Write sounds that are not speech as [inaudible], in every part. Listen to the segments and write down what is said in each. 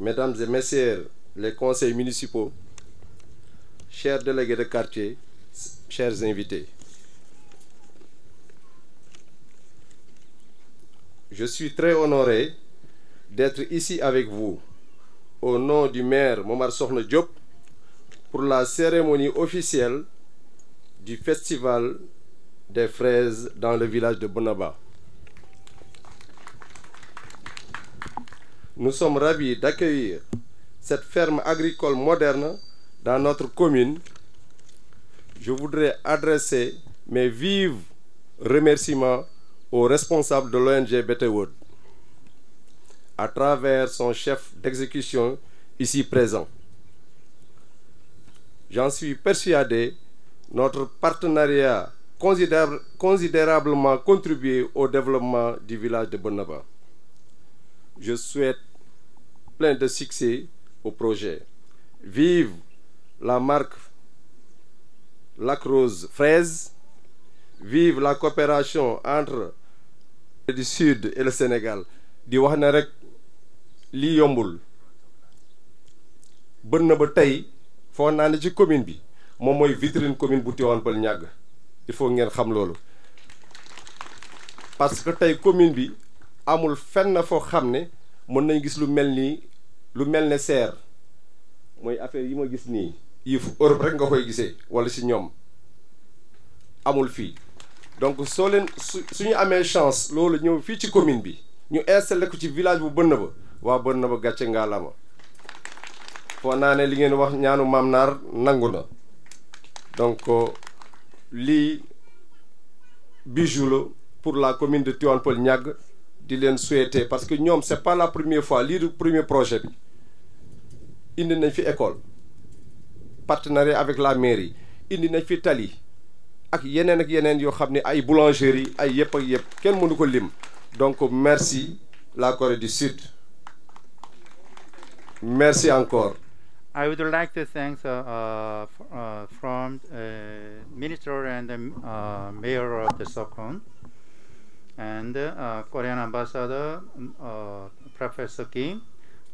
Mesdames et Messieurs les conseils municipaux, chers délégués de quartier, chers invités, je suis très honoré d'être ici avec vous au nom du maire Momar Sohne Diop pour la cérémonie officielle du festival des fraises dans le village de Bonaba. Nous sommes ravis d'accueillir cette ferme agricole moderne dans notre commune. Je voudrais adresser mes vives remerciements aux responsables de l'ONG Betterwood à travers son chef d'exécution ici présent. J'en suis persuadé, notre partenariat considérablement contribué au développement du village de Bonaba. Je souhaite plein de succès au projet. Vive la marque Lacrose Fraise, vive la coopération entre le Sud et le Sénégal. di waxna rek li yombul bën ba tay fo ci commune bi mom moy vitrine commune bu Tivaouane Peulh Niaga il faut ngeen xam lolu. parce que tay commune bi amul fenn fo xam ne mën nañ gis lu melni lu mel ne seer affaire yi ma gis nii yif Europe rek nga koy wala si amul donc soo leen suñu chance loolu ñëw commune bi ñu ko village bu li ngeen wax ñaanu donc euh, lii pour la commune de Tuan Peulh de souhaiter parce que ce c'est pas la première fois Lire le premier projet il indi nañ fi école partenariat avec la mairie indi nañ fi tali ak yeneen ak yeneen yoo xam ay boulangerie ay yëpp ak yëpp kenn mënu ko lim donc merci la Corée du Sud merci encore. I would like to thank uh, uh, from uh, minister and the, uh, mayor of the Sokon. and uh, Korean ambassador mm, uh, Professor Kim,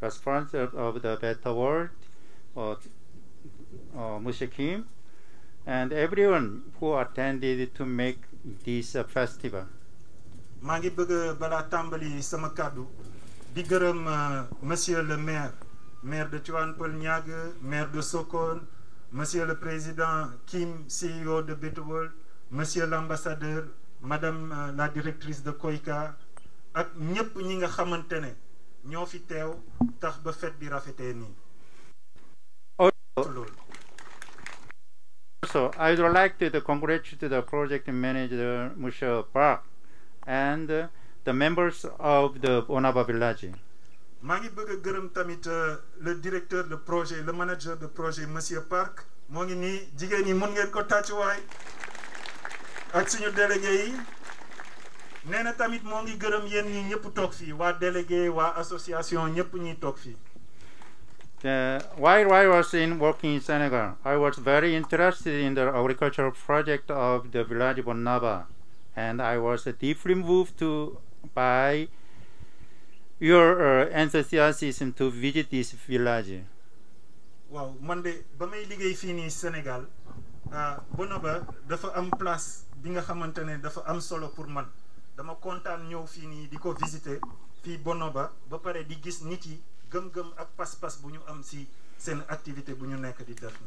response of the Better World, uh, uh, Musha Kim, and everyone who attended to make this uh, festival. maa ngi bëgg balaa sama kàddu di gërëm monsieur le maire maire de Tivaouane Peulh Niaga maire de Sokon, monsieur le président Kim CEO de Better World monsieur l'ambassadeur madame euh, la directrice de COICA ak ñëpp ñi nga xamante ñoo fi teew tax ba fête bi rafetee nii. Also, I would like to congratulate the project manager Michelle Park and the members of the Onaba Village. maa ngi bëgg gërëm tamit euh, le directeur de projet le manager de projet monsieur Park moo ngi nii jigéen ngeen ko ak suñu délégué yi nee na tamit moo ngi gërëm yéen ñi ñëpp toog fii waa délégué waa association ñëpp ñuy toog fii. Uh, while I was in working in Senegal, I was very interested in the agricultural project of the village Bonnaba, and I was deeply moved to by your uh, enthusiasm to visit this village. Wow, Monday, de ba may liggéey Sénégal Ah, Bonoba dafa am place bi nga dafa am solo pour man dama ñëw visiter Bonoba ba pare di gis nit yi gëm-gëm ak bu ñu am seen activité bu ñu nekk di def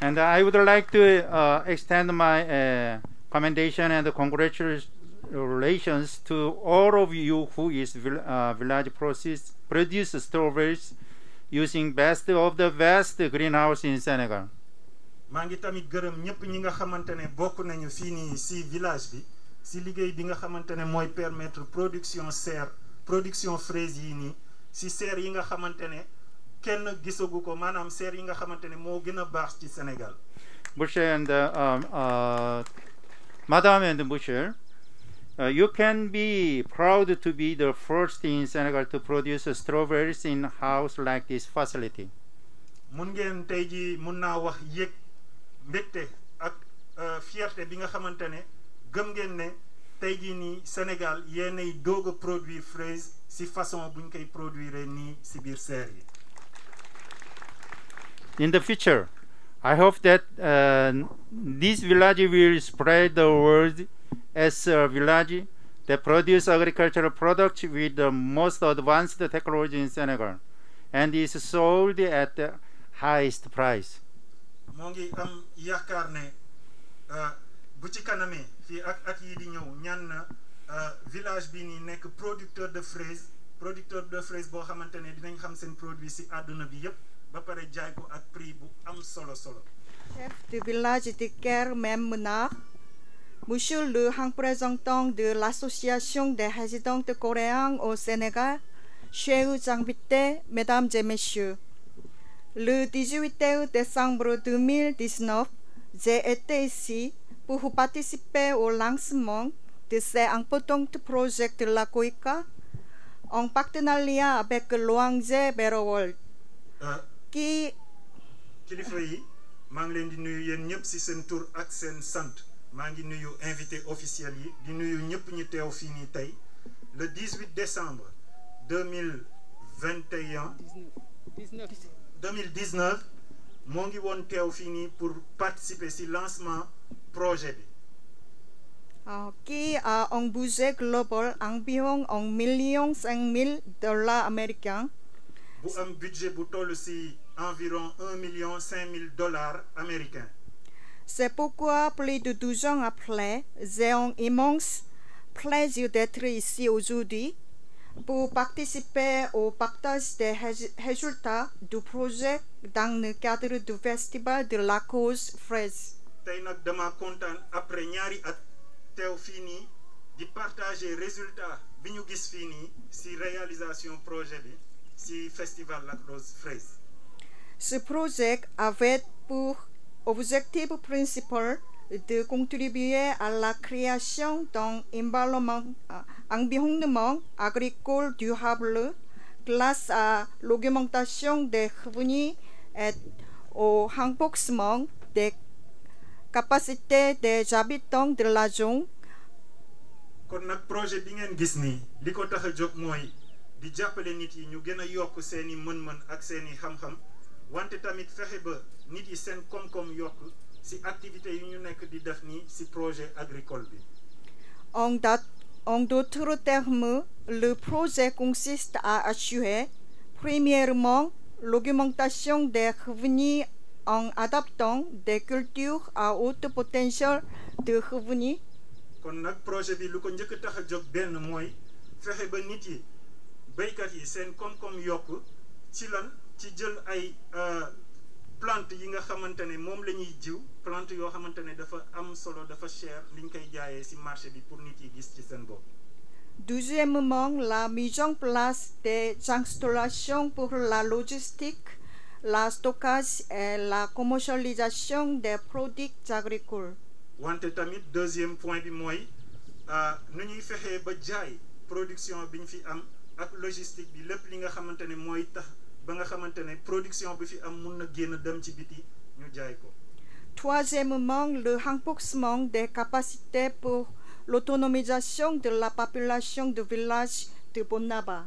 And I would like to uh, extend my uh, commendation and congratulations to all of you who is uh, village process produce strawberries using best of the best greenhouse in Senegal maa ngi tamit gërëm ñëpp ñi nga nañu fii nii si village bi si liggéey bi nga mooy permettre production serre production fraise yi nii si serre yi nga kenn gisagu ko maanaam serre yi nga moo gën a baax ci Sénégal. Boucher and uh, uh, Madame and Boucher, uh, you can be proud to be the first in Senegal to produce strawberries in house like this facility. mun wax ak euh, fierté bi nga gëm ngeen ne Sénégal yéenay doog a produire fraise si façon buñ koy produire nii si biir serre yi. In the future, I hope that uh, this village will spread the word as a village that produces agricultural products with the most advanced technology in Senegal and is sold at the highest price. mongi am yaakaar ne euh, bu ci kanamee fi ak at yii di ñew ñan na euh, village bi ni nek producteur de fraise producteur de fraise bo xamantene dinañ xam seen produit ci aduna bi yépp ba paré jaay ko ak prix bu am solo solo. chef du village de ker Mame Manar monsieur le représentant de l'association des résidents coréens au Sénégal, chers invités, mesdames et messieurs. Le 18 décembre 2019, j'ai été ici pour participer au lancement de ce important projet de la COICA en partenariat avec l'ONG Better World. Euh, qui kilifa yi maa ngi leen di nuyu yéen ñëpp ci seen tur ak invité officiel le 18 décembre 2021. 2019 Mongi won Théophini pour participer au lancement projet qui a un budget global environ un million cinq mille dollars américains. Un budget bu environ un million cinq dollars américains. C'est pourquoi plus de 12 ans après, j'ai un immense plaisir d'être ici aujourd'hui pour participer au partage des résultats du projet dans le cadre du festival de la cause fraise. tey nag dama content après ñaari at de fini di partager résultats biñu gis fini réalisation projet bi ci festival la cause fraise. Ce projet avait pour objectif principal de contribuer à la création d'un environnement, environnement agricole durable grâce à l'augmentation des revenus et au renforcement des capacités des habitants de la zone. kon nak projet bi ngeen gis ni li ko tax a jóg mooy di jàppale nit yi ñu gën a yokk seeni mën-mën ak seeni xam-xam wante tamit fexe ba nit yi seen koom-koom yokk si activité yu ñu nekk di def si projet agricole En d'autres termes, le projet consiste à assurer, premièrement, l'augmentation des revenus en adaptant des cultures à haut potentiel de revenus. kon projet bi lu ko njëkk tax a jóg benn mooy ba nit yi béykat seen ci lan ci jël ay. Euh, plante yi nga xamante mom lañuy jiw plante yo xamante dafa am solo dafa cher liñ koy jaayé ci marché bi pour nit yi gis ci sen bop Deuxièmement, la mise en place des installations pour la logistique, la stockage et la commercialisation des produits agricoles. deuxième point bi moi euh, nu ñuy production bi am logistique bi lépp li nga ba nga xamantene production bi fi am mën na génn dem ci biti ñu jaay ko. Troisièmement, le renforcement des capacités pour l'autonomisation de la population de village de Bonaba.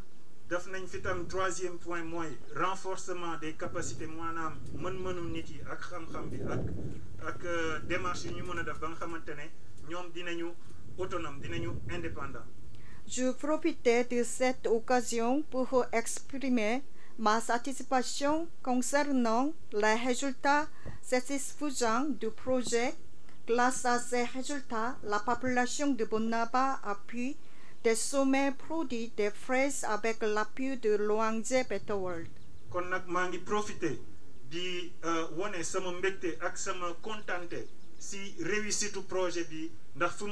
def nañ fi tam troisième point mooy renforcement des capacités maanaam mën-mënu nit yi ak xam-xam bi ak ak euh, démarche yi ñu mën a def ba nga xamante ne ñoom dinañu autonome dinañu indépendant. Je profitais de cette occasion pour exprimer ma satisfaction concernant les résultats satisfaisants du projet. Grâce à ces résultats, la population de Bonaba a pu des sommets produits des fraises avec l'appui de Loangze Better World. Quand nag maa ngi profité di euh, wane sama mbégte ak sama kontante si projet bi ndax fu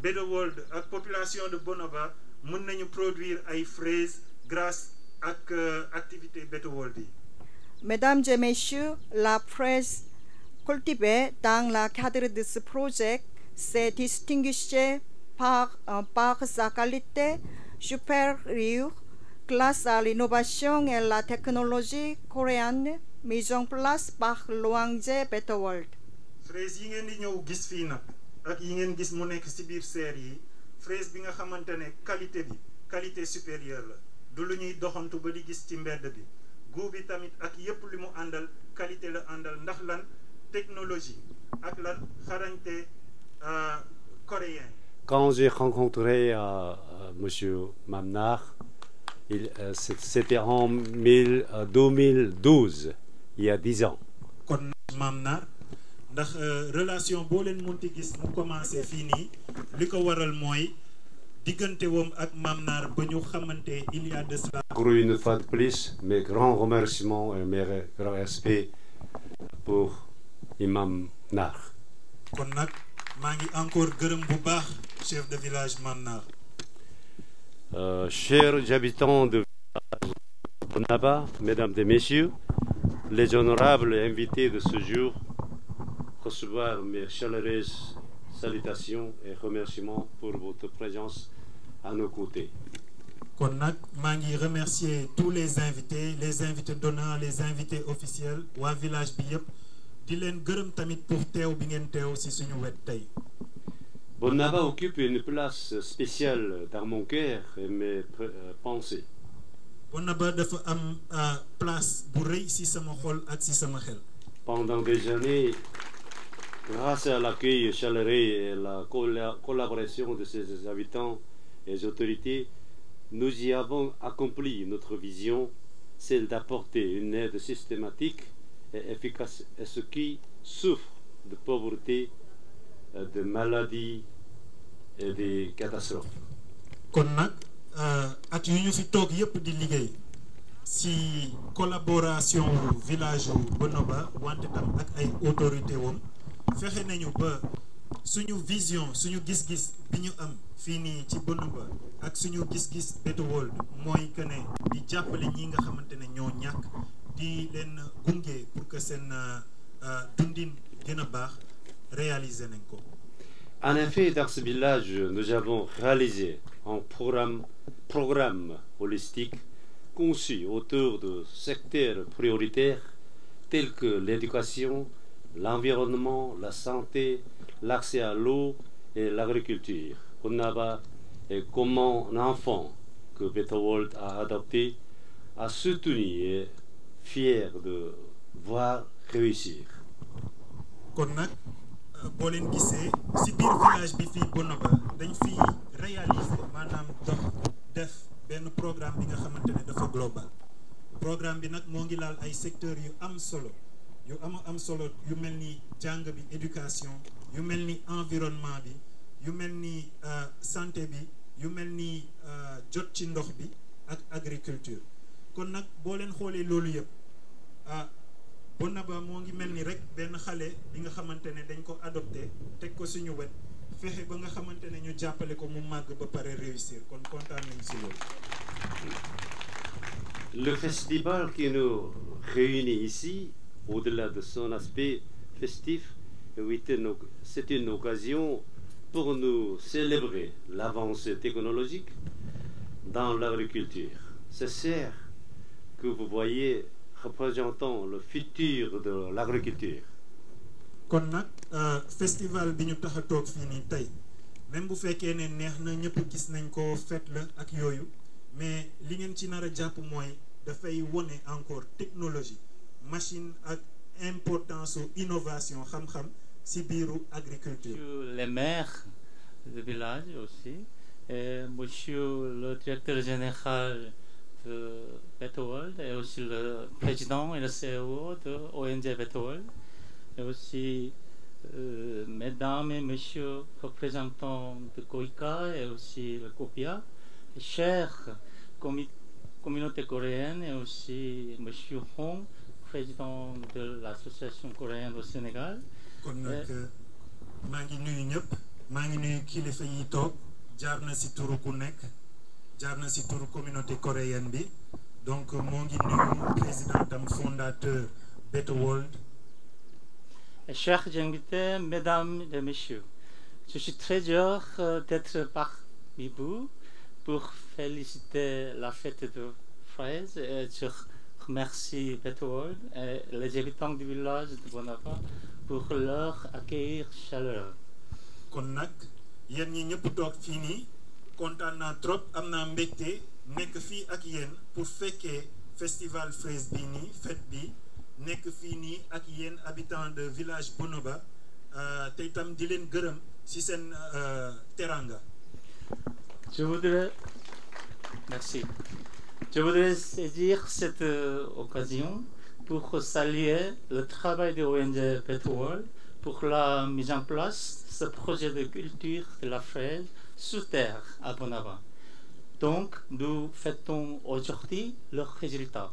Better World la population de Bonaba mën nañu produire des fraises grâce euh, activité Mesdames et messieurs, la presse cultivée dans le cadre de ce projet s'est distinguée par, par sa qualité supérieure grâce à l'innovation et la technologie coréenne mise en place par l'ONG fraise qualité supérieure du lu ñuy doxantu ba di gis ci mbedd bi goût tamit ak yépp li mu àndal qualité la àndal ndax lan technologie ak lan xarañte euh, coréen. Quand j'ai rencontré euh, euh monsieur Mamnar, il euh, c'était en 1000, euh, 2012, il y a 10 ans. kon Mamnar ndax euh, relation bo len monti gis mu commencé fini liko waral moy pour il y a une fois de plus mes grands remerciements et mes grands respects pour Imam Nar. kon encore gërëm bu chef de village Mannar. Euh, chers habitants de village Naba, mesdames et messieurs, les honorables invités de ce jour, recevoir mes chaleureuses salutations et remerciements pour votre présence à nos côtés. Je Mangi remercier tous les invités les invités d'honneur les invités officiels à village de yëpp di tamit pour terre bi ngeen teew ci suñu occupe une place spéciale dans mon cœur et mes euh, pensées. Bonaba dafa une euh, place bu dans ci sama xol ak ci Pendant des années. Grâce à l'accueil chaleureux et la collaboration de ses habitants et autorités, nous y avons accompli notre vision, celle d'apporter une aide systématique et efficace à ceux qui souffrent de pauvreté, de maladies et de catastrophes. Euh, si collaboration village Bonoba ou autorité fexé nañu ba suñu vision suñu gis-gis bi ñu am fii nii ci Boulouba ak suñu gis-gis Better World mooy que ne di jàppale ñi nga xamante ne ñoo ñàkk di leen gunge pour que seen euh, euh, dundin gën a baax réaliser nañ ko. En effet, dans ce village, nous avons réalisé un programme, programme holistique conçu autour de secteurs prioritaires tels que l'éducation, l'environnement, la santé, l'accès à l'eau et l'agriculture. Konnaba est comme un enfant que Better World a adopté, a soutenu et fier de voir réussir. kon nag euh, boo leen gisee village bi fii Bonoba dañ fiy réaliser maanaam def programme bi nga global. Le global programme bi nag moo ngi laal ay secteurs solo yo am am solo yu melni jang bi éducation yu melni environnement bi yu melni euh, santé bi yu melni euh, jot ci ndox bi ak agriculture kon nak bo len xolé lolou yëpp ah Bonaba mo ngi melni rek ben xalé bi nga xamantene dañ ko adopté tek ko suñu wet fexe ba nga xamantene ñu jappalé ko mu mag ba paré réussir kon kontaan nañ si Le festival qui nous réunit ici au-delà de son aspect festif, euh, c'est une occasion pour nous célébrer l'avancée technologique dans l'agriculture. C'est serres que vous voyez représentant le futur de l'agriculture. kon le euh, festival que ñu tax même si vous ne neex na ñëpp gis nañ ko mais ce ngeen ci avez a encore technologie machine à importance ou innovation xam-xam de biiru agriculture. monsieur le maire du village aussi et monsieur le directeur général de Betold et aussi le président et le CEO de ONG Betold et aussi euh, mesdames et messieurs représentants de COICA et aussi le COPIA, chers communautés coréennes, et aussi monsieur Hong président de l'association coréenne au Sénégal. kon nag euh, maa ngi nuyu ñëpp maa ngi nuyu kilifa yi toog jaar na si ku nekk jaar na si communauté coréenne bi donc euh, mon ngi président tam fondateur Better World. Chers invités, mesdames et messieurs, je suis très heureux euh, d'être par Bibou pour féliciter la fête de fraises et sur Merci Petworld et les habitants du village de Bonapa pour leur accueillir chaleureux. kon nag yéen ñi ñëpp toog trop am naa akien, nekk ak pour fekkee festival fraise bi fête bi nek fii ak habitants de village Bonoba euh, te tam di leen gërëm ci euh, teranga. je voudrais merci. Je voudrais saisir cette euh, occasion pour saluer le travail de ONG Petrol pour la mise en place de ce projet de culture de la fraise sous terre à Bonava. Donc, nous fêtons aujourd'hui le résultat.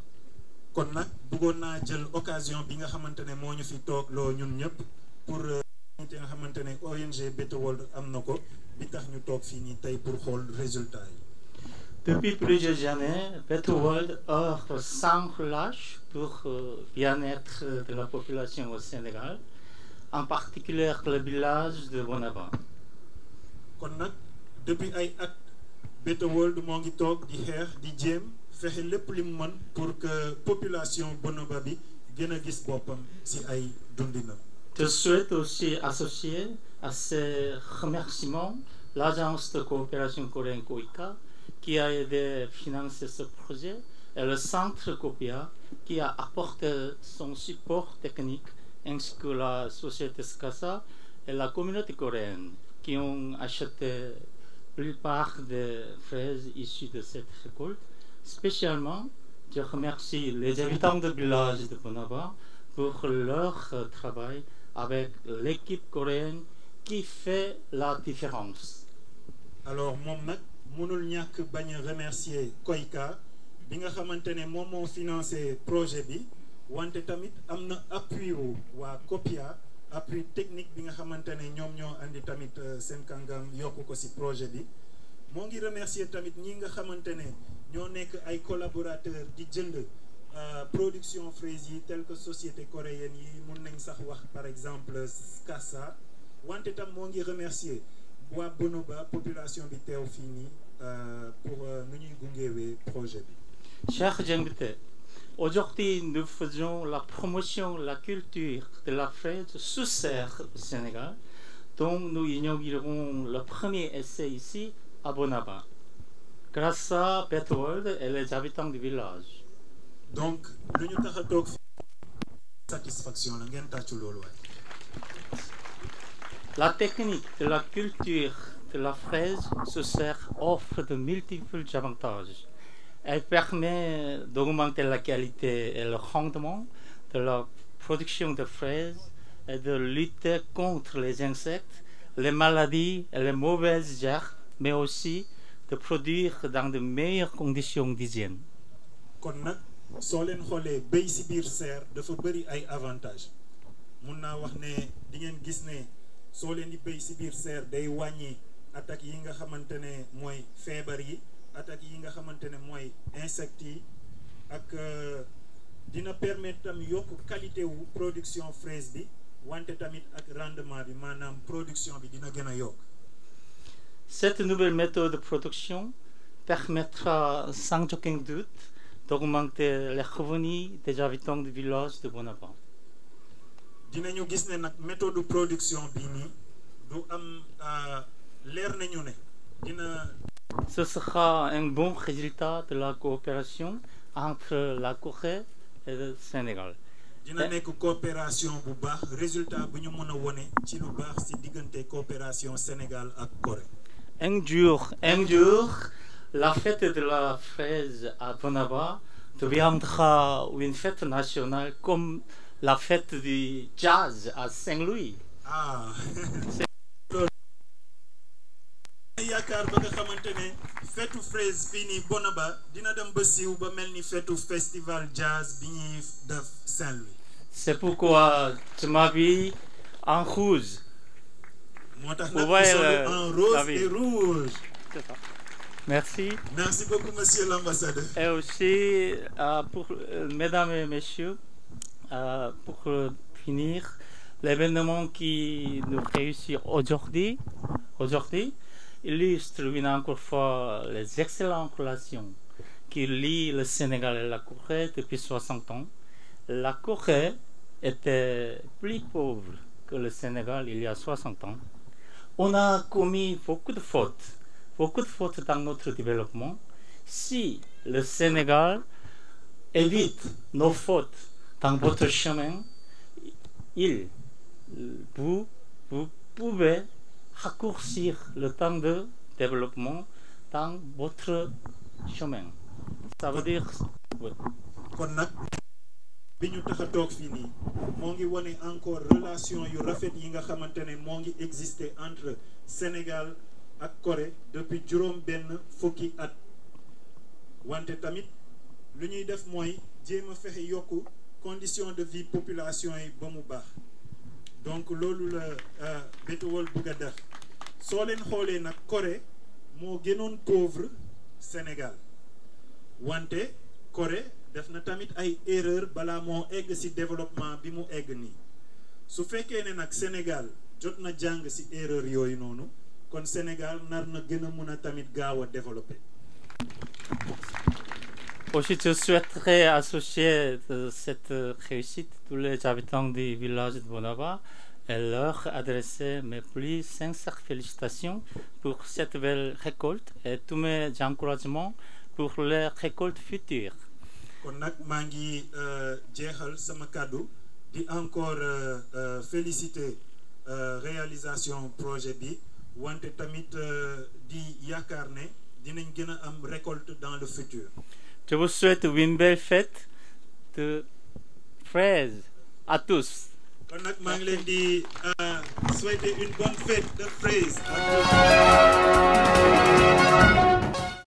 kon nag bëggoon naa jël occasion bi nga xamante ne moo ñu fi toog loo ñun ñëpp pour euh, te nga xamante ONG Better World am na ko bi tax ñu toog fii nii pour xool résultat depuis plusieurs années, Better offre sans relâche pour le euh, bien-être de la population au Sénégal, en particulier le village de Bonavent. depuis ay at Better World moo ngi toog di xeex di pour que population Bonoba bi gën a gis si ay dundinam. Je souhaite aussi associer à ces remerciements l'agence de coopération coréenne COICA qui a aidé à financer ce projet et le centre COPIA qui a apporté son support technique ainsi que la société SCASA et la communauté coréenne qui ont acheté plupart des fraises issues de cette récolte. Spécialement, je remercie les habitants du village de Bonaba pour leur travail avec l'équipe coréenne qui fait la différence. Alors, mon mënul ñàkk bañ remercier Koika bi nga xamante ne moom projet bi wante tamit amna appui wu wa COPIA appui technique bi nga xamantene ñom ñoo andi tamit euh, seen kàngam ci projet bi mo ngi remercier tamit ñi nga xamantene ñoo ay collaborateurs di jënd euh, production fraise tel que société coréenne yi mun nañ sax wax par exemple Kasa wante tam mo ngi remercier waa Bonoba population de euh, pour euh, projet Chers aujourd'hui nous faisons la promotion la culture de la fête sous serre au Sénégal dont nous inaugurerons le premier essai ici à Bonaba grâce à World et les habitants du village. donc nous avons tax satisfaction la technique de la culture de la fraise se sert offre de multiples avantages. Elle permet d'augmenter la qualité et le rendement de la production de fraises et de lutter contre les insectes, les maladies et les mauvaises herbes, mais aussi de produire dans de meilleures conditions d'hygiène. ay soo leen di béy si biir serre day wañi attaque yi nga xamantene moy fièvre yi attaque yi nga xamantene moy mooy ak euh, dina permettre tam yokk qualité wu production fraise bi wante tamit ak rendement bi manam production bi dina gëna a Cette nouvelle méthode de production permettra sans aucun doute d'augmenter les revenus des habitants du village de Bonaparte dinañu gis ne nag méthode production bi nii du am euh, leer nañu ne dina. Ce sera un bon résultat de la coopération entre la Corée et le Sénégal. dina nekk coopération bu baax résultat bu ñu mën a wone ci lu baax ci diggante coopération Sénégal ak Corée. Un jour, un jour, la fête de la fraise à Bonaba deviendra une fête nationale comme la fête du jazz à Saint-Louis. Ah. [laughs] yaakaar ba nga xamante fraise fii bona ba dina dem ba ba melni fête festival jazz bini de Saint-Louis. C'est pourquoi je m'habille en rouge. moo euh, en rose et rouge. Merci. Merci beaucoup, monsieur l'ambassadeur. Et aussi, euh, pour, euh, mesdames et messieurs, euh, pour finir, l'événement qui nous réussit aujourd'hui, aujourd'hui illustre une encore fois les excellentes relations qui lient le Sénégal et la Corée depuis 60 ans. La Corée était plus pauvre que le Sénégal il y a 60 ans. On a commis beaucoup de fautes, beaucoup de fautes dans notre développement. Si le Sénégal évite nos fautes votre chemin 1. Vous, vous pouvez raccourcir le temps de développement dans votre chemin. Ça veut dire... Oui. encore relation yu entre Sénégal ak Corée depuis Ben fukki at wante tamit conditions de vie population yi ba mu donc loolu la Betowol euh, bëgg a def soo leen xoolee nag Corée moo gënoon pauvre Sénégal wante Corée def na tamit ay erreur balaa moo egg ci développement bi mu egg nii su fekkee ne nag Sénégal jot na jàng ci erreur yooyu noonu kon Sénégal nar na gën a mun a tamit gaaw développer. Aussi, je souhaiterais associer euh, cette euh, réussite tous les habitants du village de Bonava et leur adresser mes plus sincères félicitations pour cette belle récolte et tous mes encouragements pour les récoltes futures. On nag mangi ngi euh, jeexal sama di encore féliciter réalisation projet bi wante tamit di yakarne dinañ gëna am récolte dans le futur. Je vous souhaite une belle fête de fraises à tous. kon nag maa euh, une bonne fête de fraise à tous.